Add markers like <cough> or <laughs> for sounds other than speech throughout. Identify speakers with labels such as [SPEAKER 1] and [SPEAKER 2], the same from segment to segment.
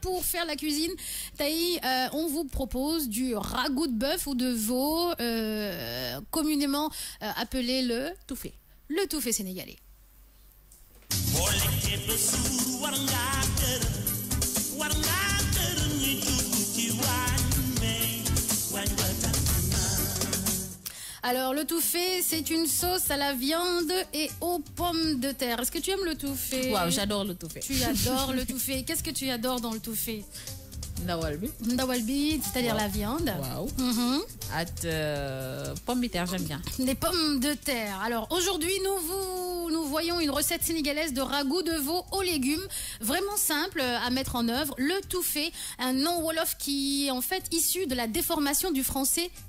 [SPEAKER 1] pour faire la cuisine. Taï, euh, on vous propose du ragoût de bœuf ou de veau, euh, communément euh, appelé le touffé. Le touffé sénégalais. Alors, le touffé, c'est une sauce à la viande et aux pommes de terre. Est-ce que tu aimes le touffé Waouh, j'adore le touffé. Tu adores le <laughs> touffé. Qu'est-ce que tu adores dans le touffé Ndawalbi. Ndawalbi, c'est-à-dire la viande. Waouh. At mhm.
[SPEAKER 2] euh, pommes de terre, j'aime bien.
[SPEAKER 1] Les pommes de terre. Alors aujourd'hui, nous vous, nous voyons une recette sénégalaise de ragoût de veau aux légumes, vraiment simple euh, à mettre en œuvre. Le touffé, un nom wolof qui est en fait issu de la déformation du français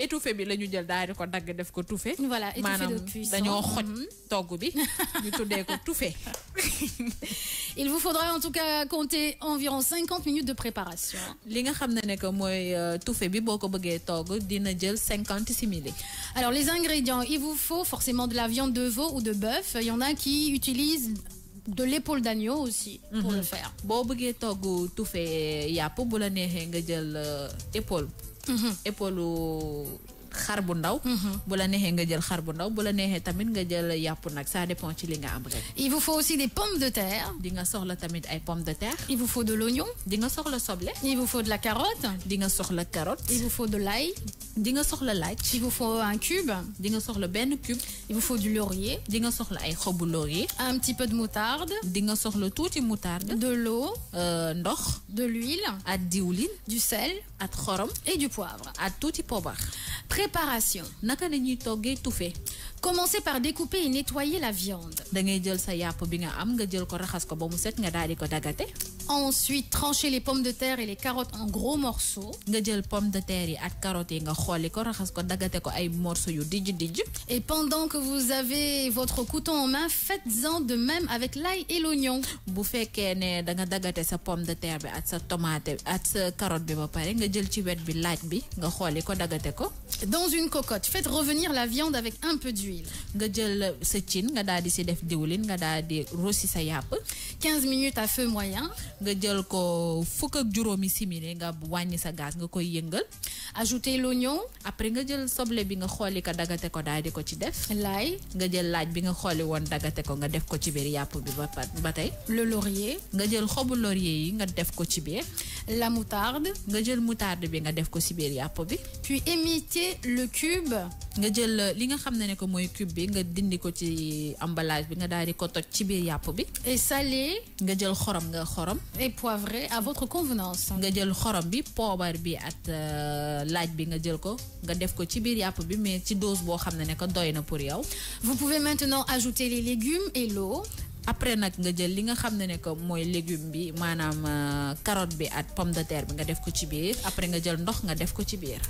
[SPEAKER 2] étouffé bi lañu jël daal di ko dagg def ko touffé. voilà étouffé de cuisson maanaam dañoo xoj togg bi <laughs> ñu tuddee ko touffé.
[SPEAKER 1] <laughs> il vous faudra en tout cas compter environ
[SPEAKER 2] 50 minutes de préparation. li nga xam ne ne que mooy euh, touffé bi boo ko bëggee togg dina jël
[SPEAKER 1] 56 simili. alors les ingrédients il vous faut forcément de la viande de veau ou de bœuf il y en a qui utilisent. de l'épaule d'agneau aussi. pour mhm. le faire. boo bëggee togg
[SPEAKER 2] tufe yàpp bu la neexee nga jël euh, épaule. épaule xar bu ndaw. Mhm. bu la neexee nga jël xar bu ndaw bu la neexee tamit nga jël yàpp nag ça dépend ci li nga am rek. il vous faut aussi des pommes de terre. di nga soxla tamit ay pommes de terre. il vous faut de l'oignon. di nga soxla soble. il vous faut de la carotte. di nga soxla carotte. il vous faut de l'ail. di nga soxla laaj. il vous faut un cube. di nga soxla benn cube. il vous faut du laurier. di nga soxla ay xobu laurier. un petit peu de moutarde. di nga soxla tuuti moutarde. de l'eau. Euh, ndox.
[SPEAKER 1] de l'huile. at diwlin. du sel. at xorom. et du poivre. at tuuti poobar préparation naka la ñuy toggee commencez par découper et nettoyer la viande.
[SPEAKER 2] da ngay jël sa yàpp bi nga am nga jël ko raxas ko ba mu set nga daal ko ensuite trancher
[SPEAKER 1] les pommes de terre et les carottes en gros morceaux.
[SPEAKER 2] nga jël pomme de terre et les carottes yi nga xolli ko raxas ko daggate ko ay morceaux yu
[SPEAKER 1] et pendant que vous avez votre couteau en main faites-en de même avec l'ail et l'oignon. bu fekkee ne da sa pomme de terre bi
[SPEAKER 2] ak sa tomate ak sa carotte bi ba pare nga jël ci wet bi laaj bi nga xolé ko daggate ko. dans une cocotte faites revenir la viande avec un peu d'huile. nga jël sa cin nga daal di si def diwlin nga daal di rosi sa yap 15 minutes à feu moyen. nga jël ko fukk ak juróomi simili nga wàññi sa gaz nga koy yëngal ajouter ñëw après nga jël soble bi nga xooli ko dagate ko daal di ko ci def laaj nga jël laaj bi nga xooli woon dagate ko nga def ko ci biir yàpp bi ba ba tey le laurier nga jël xobu lorier yi nga def ko ci biir la moutarde. nga jël moutarde bi nga def ko ci biir yàpp bi. puis émietter le cube. nga jël li nga xam ne ne ko mooy cube bi nga dindi ko ci emballage bi nga daal di ko toj ci biir yàpp bi. et salé. nga jël xorom nga xorom. et poivré à votre convenance. nga jël xorom bi poobar bi at euh, laaj bi nga jël ko nga def ko ci biir yàpp bi mais ci dose boo xam ne ne ko doy na pour yow. vous pouvez maintenant ajouter les légumes et l'eau après vous nga jël li nga xamné né ko moy de terre bi nga def ko ci après nga jël ndox nga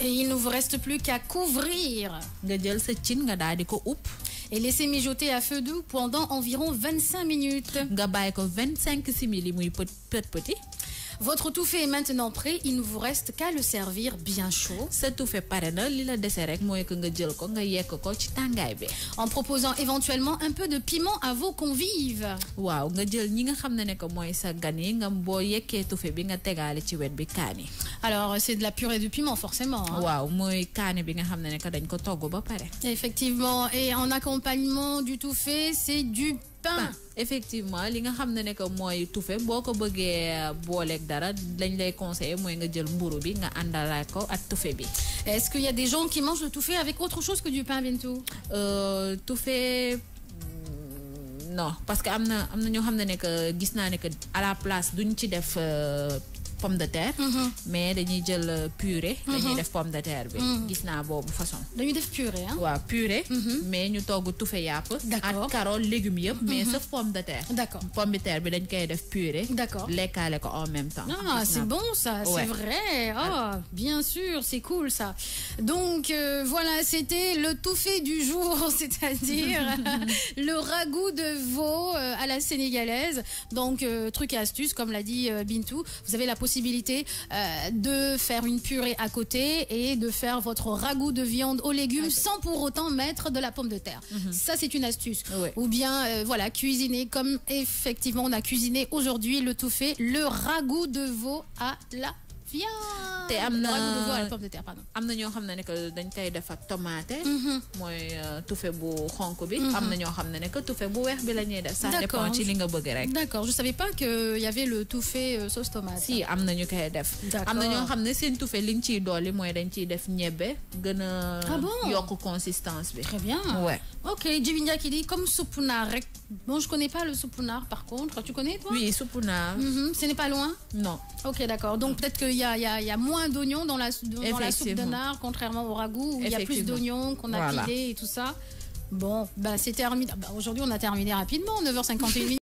[SPEAKER 1] et il ne vous reste plus qu'à couvrir nga jël sa tin nga oup et laisser mijoter à feu doux pendant
[SPEAKER 2] environ 25 minutes Vous bay ko 25 simili muy petit petit votre touffé est maintenant prêt, il ne vous reste qu'à le servir bien chaud. Sa tout fait pare na li la rek que nga jël ko nga yekk ko ci En proposant éventuellement un peu de piment à vos convives. waaw nga jël ñi nga xam ne ne que sa gan nga boo yekkee tout bi nga tegaale ci bi Alors c'est de la purée de piment forcément. Hein. waaw mooy kaani bi nga xam ne que dañ ko ba pare.
[SPEAKER 1] Effectivement et en accompagnement du touffé, c'est
[SPEAKER 2] du temps effectivement li nga xam ne ne que mooy tufe boo ko bëggee dara lañ lay conseiller moy nga jël mburu bi nga àndalaay ko at touffé bi.
[SPEAKER 1] est-ce qu'il y a des gens qui mangent le
[SPEAKER 2] touffé avec autre chose que du pain Bintou
[SPEAKER 1] euh,
[SPEAKER 2] Touffé non parce que amna amna ñu na ñoo ne que gis na ne que à la place duñ ci def. Euh, pomme de terre. Mhm. mais dañuy jël euh, purée. Mhm. dañuy def pomme de terre bi. Mhm. gis naa boobu façon.
[SPEAKER 1] dañuy def purée hein?
[SPEAKER 2] waaw purée. mais ñu togg tout yàpp. ak carotte légumes yëpp. mais ce pomme de terre. d'accord pomme de terre bi dañ koy def purée. d'accord lekkaale ko en même temps. ah c'est bon ça c'est
[SPEAKER 1] vrai ah bien sûr c'est cool ça donc euh, voilà c'était le touffé du jour <laughs> c'est-à-dire <laughs> le ragoût de veau euh, à la sénégalaise donc truc et astuce comme l'a dit Bintou vous avez la possibilité possibilité euh, de faire une purée à côté et de faire votre ragoût de viande aux légumes ah, sans pour autant mettre de la pomme de terre. Mhm. Ça, c'est une astuce. Ou bien, euh, voilà, cuisiner comme effectivement on a cuisiné aujourd'hui le tout fait le ragoût de veau à la viande. te am na
[SPEAKER 2] am na ñoo xam ne ne que dañ tay def ak tomate. Mhm. moy uh, tufe bu xonk bi. amna na ñoo xam ne que tufe bu weex bi la ñuy def. ça dépend ci li nga bëgg rek.
[SPEAKER 1] d'accord je savais pas que y avait le tufe euh, sauce tomate. si
[SPEAKER 2] amna ñu kay def. Amna na ñoo xam seen tufe liñ ñu ciy dolli dañ ciy def ñebbe gëna a. Ah consistance bi. très bien ouais.
[SPEAKER 1] ok Djibi Ndiaye qui dit comme soupe rek. Bon, je connais pas le soupe par contre. Tu connais toi? Oui, soupe Mm-hmm. Ce n'est pas loin? Non. Ok, d'accord. Donc peut-être que il y, a, moins d'oignons dans la, soupe de nard, contrairement au ragoût, où il y a plus d'oignons qu'on a voilà. et tout ça. Bon, bah, c'est terminé. Bah, aujourd'hui, on a terminé rapidement, 9h51